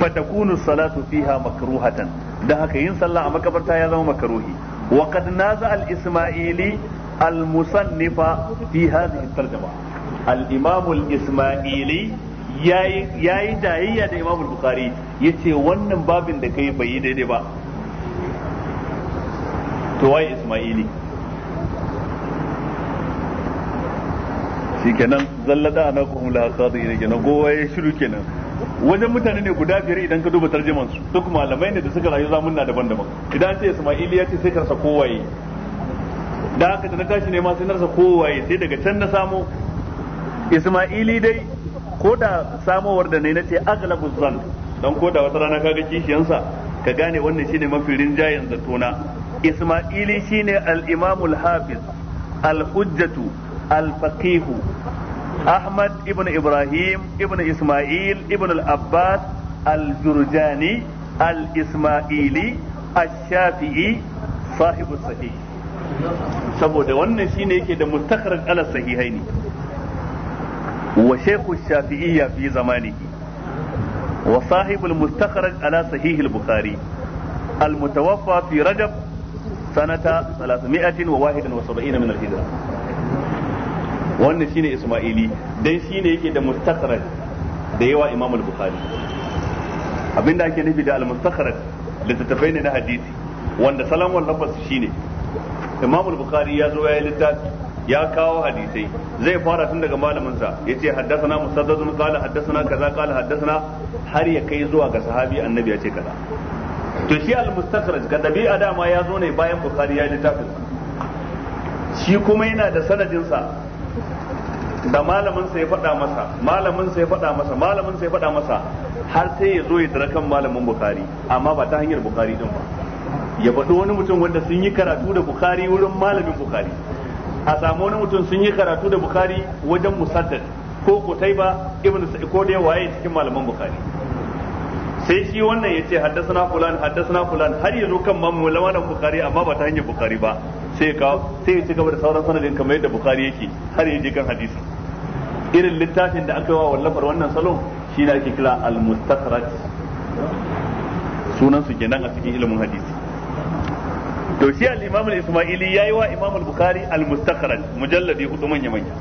fatakunu salatu fiha makruhatan dan haka yin sallah a makabarta ya zama makruhi wa qad naza al isma'ili al musannifa fi hadhihi tarjuma al imam al isma'ili yayi dayayya da imam al bukhari yace wannan babin da kai bai yi daidai ba to wai isma'ili shikenan zallada ana kuma la qadi ne kenan gowa ya shiru kenan wajen mutane ne guda biyar idan ka duba tarjuman su duk malamai ne da suka rayu zamun na daban-daban idan ce Isma'il ya ce sai karsa kowaye da haka da na tashi ne ma sai narsa kowaye sai daga can na samo Isma'ili dai ko da samowar da ne ce aglabu zan dan ko da wata rana ga kishiyansa ka gane wannan shine mafi rinjayen zatona Isma'ili shine al imamul hafiz al-Hujjatu al-Faqih ahmad ibn ibrahim ibn isma'il ibn al-abbas al-jurjani al-isma'ili al saboda wannan shine yake da mustakhraj ala sahihaini wa shafi'i ya fi zamanihi wa sahibu al-mustakhraj ala sahih bukhari al-mutawaffa fi rajab sanata 371 min al-hijra wannan shine isma'ili dan shine yake da mustakhraj da yawa imam al-bukhari abinda ake nufi da al da littattafai ne na hadisi wanda salam wal lafaz shine imam al-bukhari ya zo yi littafi ya kawo hadisai zai fara tun daga malamin sa yace haddathana musaddadun qala haddathana kaza qala haddathana har ya kai zuwa ga sahabi annabi ya ce kaza to shi al-mustakhraj ga dabi'a dama ya zo ne bayan bukhari ya yi littafin shi kuma yana da sanadin sa da malamin sa ya faɗa masa malamin sa ya faɗa masa malamin sa ya faɗa masa har sai ya zo ya dara kan malamin bukari amma ba ta hanyar bukari din ba ya faɗi wani mutum wanda sun yi karatu da bukari wurin malamin bukari a samu wani mutum sun yi karatu da bukari wajen musaddad ko ko ibnu sa'id ko da waye cikin malamin bukari sai shi wannan ya ce haddasa fulan haddasana fulan har yanzu kan malamin bukari amma ba ta hanyar bukari ba sai ka sai ya ci gaba da sauran sanadin kamar yadda bukari yake har ya je kan hadisin irin littafin da aka yi wa wallafar wannan salon shi ne ake kira al-mustakhraj sunan su kenan a cikin ilimin hadisi to shi al-imam al-isma'ili yayi wa imam al-bukhari al-mustakhraj mujalladi hudu manya manya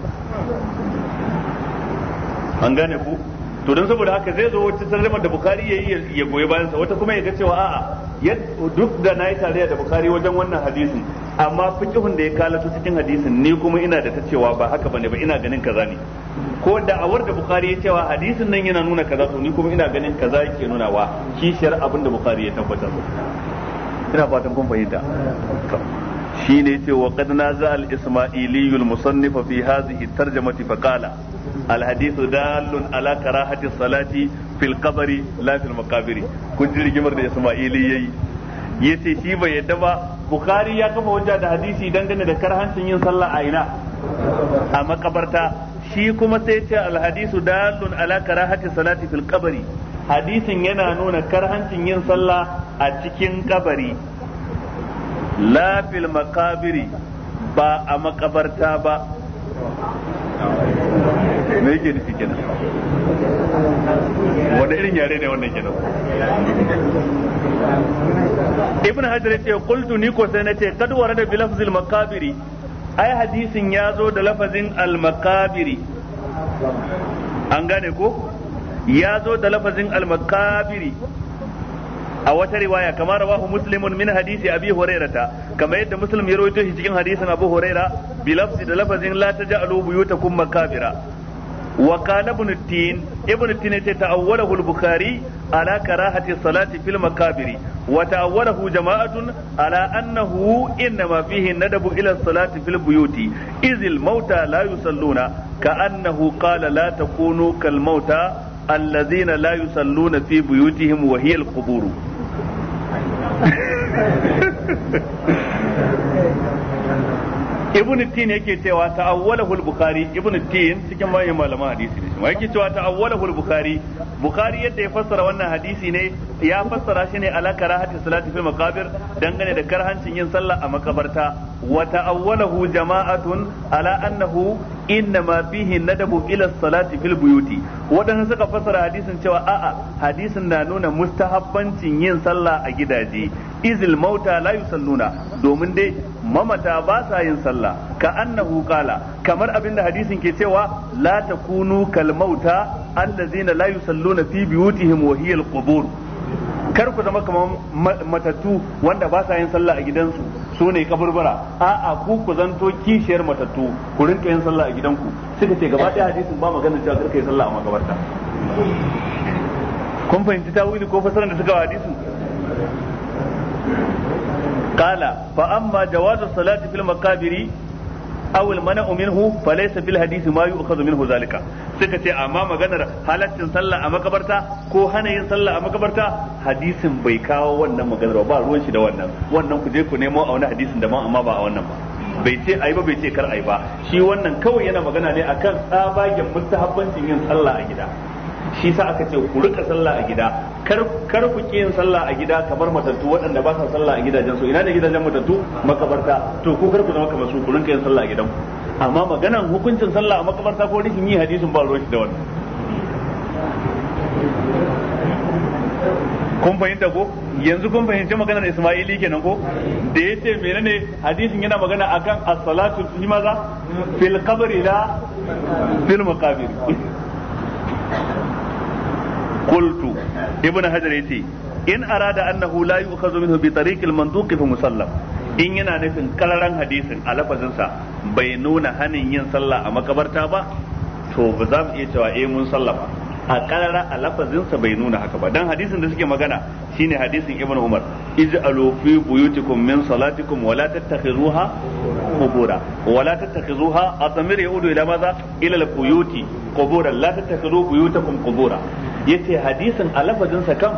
an gane ku to don saboda haka zai zo wata sarrafa da Bukhari ya ya goyi sa wata kuma ya ga cewa a'a duk da na yi tarayya da Bukhari wajen wannan hadisin amma fiqhun da ya kalatu cikin hadisin ni kuma ina da ta cewa ba haka bane ba ina ganin kaza ne ko da awar da bukhari ya cewa hadisin nan yana nuna kaza to ni kuma ina ganin kaza yake nuna wa kishiyar abin da bukhari ya tabbatar ina fatan kun fahimta shi ne ce wa qad naza al isma'ili al musannif fi hadhihi tarjamati fa qala al hadithu dalun ala karahati salati fil qabri la fil maqabiri kun ji rigimar da isma'ili yayi yace shi bai yadda ba bukhari ya kafa hujja da hadisi dangane da karhancin yin sallah a ina a makabarta shi kuma sai ce alhadisu dalun ala karahati salati fil qabri hadisin yana nuna karhancin yin sallah a cikin kabari la fil maqabiri ba a makabarta ba me yake nufi kenan wanda irin yare ne wannan kenan ibn hajar ya ce qultu ni ko sai na ce kad warada bi lafzil ai hadisin ya zo da lafazin al an gane ko ya zo da lafazin al-makabiri a wata riwaya kamar rawahu muslimun min hadisi abi hurairata kamar yadda muslim ya rawaito shi cikin hadisin abu huraira bi lafzi da lafazin la taj'alu buyutakum makabira wa qala ibn ibn tin ce ta'awwalahu al-bukhari ala karahati salati fil makabiri wa ta'awwalahu jama'atun ala annahu innama fihi nadabu ila salati fil buyuti izil mauta la sallona ka annahu qala la takunu kal mauta alladhina la yusalluna fi buyutihim wa hiya ibn tin yake cewa ta'awwalahu al-bukhari ibn tin cikin manyan malaman hadisi ne yake cewa ta'awwalahu al-bukhari bukhari yadda ya fassara wannan hadisi ne ya fassara shi ne ala karahati salati fil maqabir dangane da karhancin yin sallah a makabarta wa ta'awwalahu jama'atun ala annahu inna ma fihi nadabu ila salati fil buyuti wadanda suka fassara hadisin cewa a'a hadisin na nuna mustahabbancin yin sallah a gidaje izil mauta la yusalluna domin dai mamata ba sa yin sallah ka annahu kala kamar abinda hadisin ke cewa la takunu kal mauta allazina la yusalluna fi biyutihim wa hiya al qubur kar ku zama kamar matattu wanda ba sa yin sallah a gidansu su ne kaburbura a'a ku ku zanto kishiyar matattu ku rinka yin sallah a gidanku suka ce gaba ɗaya hadisin ba magana cewa kar yi sallah a makabarta kun fahimci tawili ko fasaran da suka hadisin قال fa جواز jawazu salati fil maqabiri المنع منه فليس في الحديث ما يؤخذ منه ذلك yu'khadhu minhu zalika suka كو a makabarta حديث wannan wannan wannan bai ce ayi ba bai ce kar ayi ba shi wannan kawai yana magana ne akan tsabagen mustahabbancin yin sallah a gida shi sa aka ce ku rika sallah a gida kar ku ki yin sallah a gida kamar matattu waɗanda ba sa sallah a gidajen su ina ne gidajen matattu makabarta to ku kar ku zama kamar su ku rinka yin sallah a gidan amma maganan hukuncin sallah a makabarta ko rikin yi hadisin ba ruwan shi da wannan kun fahimta ko yanzu kun fahimci maganar Isma'ili kenan ko da ya ce menene hadisin yana magana akan as-salatu fi maza fil qabri la fil maqabir Kultu ibn hajar yace in arada annahu la yu'khadhu minhu bi tariq al manduq musallam in yana nufin kararan hadisin a lafazin sa bai nuna hanin yin sallah a makabarta ba to ba za mu iya cewa mun sallama a karara a lafazin sa bai nuna haka ba dan hadisin da suke magana shine hadisin ibn umar ij'alu fi buyutikum min salatikum wa tattakhizuha qubura wa tattakhizuha atamir yaudu ila maza ila al buyuti quburan la tattakhizu buyutakum qubura yace hadisin a lafazinsa kan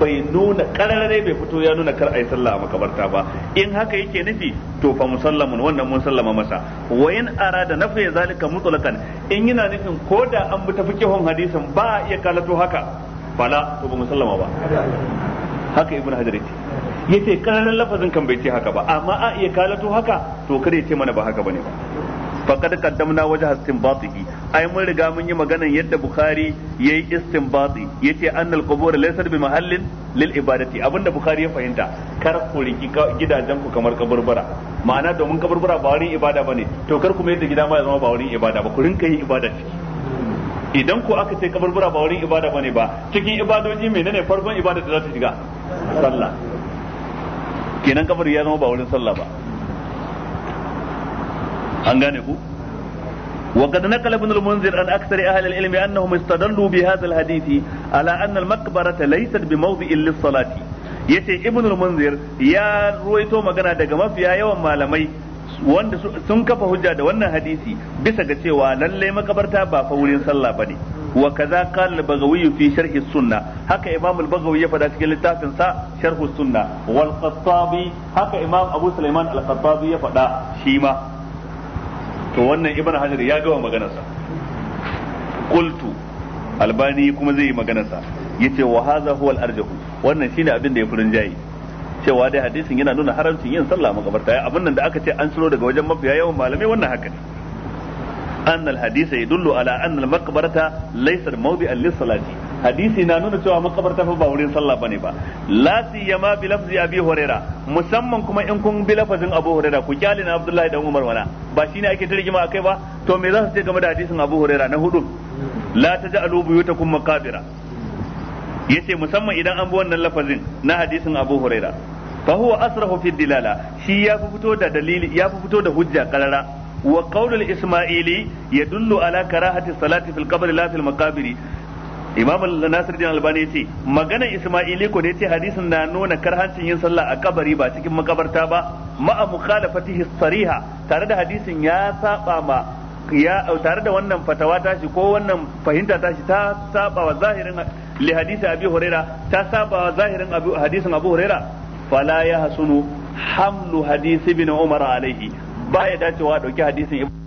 bai nuna kararare bai fito ya nuna kar ayi sallah a makabarta ba in haka yake nufi to fa musallamun wannan mun sallama masa wa in arada nafi zalika mutlaqan in yana nufin koda an bi tafkihun hadisin ba ya kalato haka bala to ba musallama ba haka ibnu hajar yace yace kararren lafazin kan bai ce haka ba amma a iya kalato haka to kada ya ce mana ba haka bane ba faqad qaddamna wajh istinbatihi ai mun riga mun yi maganan yadda bukhari yayi istinbati yace annal qubur laysa bi mahallin lil ibadati abinda bukhari ya fahimta kar ku riki gidajen ku kamar kaburbura ma'ana domin kaburbura ba wurin ibada bane to kar ku mai da gida ma ya zama ba wurin ibada ba ku rinka yin ibada ciki idan ku aka ce kaburbura ba wurin ibada bane ba cikin ibadoji menene farkon ibada da za ta shiga sallah kenan kabari ya zama ba wurin sallah ba an gane ku وقد نقل ابن المنذر عن اكثر اهل العلم انهم استدلوا بهذا الحديث على ان المقبره ليست بموضع للصلاه yace ibn al-munzir ya ruwaito magana daga mafiya yawan malamai wanda sun kafa hujja da wannan hadisi bisa ga cewa lalle makabarta ba fa wurin sallah bane wa kaza qala al-baghawi fi sharh sunna haka imam al-baghawi ya fada cikin littafin sa sharh sunna wal qattabi haka imam abu sulaiman al-qattabi ya fada shi ma to wannan ibn hajar ya gawa maganarsa qultu albani kuma zai yi maganarsa yace wa hadha huwa al-arjahu wannan shine abin da ya furin jayi cewa dai hadisin yana nuna haramcin yin sallah makabarta abin nan da aka ce an ciro daga wajen mafiya yawan malamai wannan haka ne أن الحديث يدل على أن laysa mawdi'an lis salati hadisi na nuna cewa makabarta fa ba wurin sallah bane ba la siyama bi lafzi abi huraira musamman kuma in kun bi lafazin abu huraira ku kyale na abdullahi dan umar wana ba shine ake ta rigima akai ba to me za su ce game da hadisin abu huraira na hudu la taj'alu buyutakum maqabira yace musamman idan an bi wannan lafazin na hadisin abu huraira fa huwa asrahu fi dilala shi ya fi fito da dalili ya fito da hujja karara wa qaulul isma'ili yadullu ala karahati salati fil qabr la fil maqabiri imam nasir din albani ya ce maganar isma'ili ko da ya ce hadisin na nuna karhancin yin sallah a kabari ba cikin makabarta ba ma'a mukhalafatihi sariha tare da hadisin ya saba ma ya tare da wannan fatawa shi ko wannan fahimta tashi ta saba wa zahirin li hadisi abi huraira ta saba wa zahirin hadisin abu huraira fala ya hasunu hamlu hadisi ibn umar alaihi baya dacewa dauki hadisin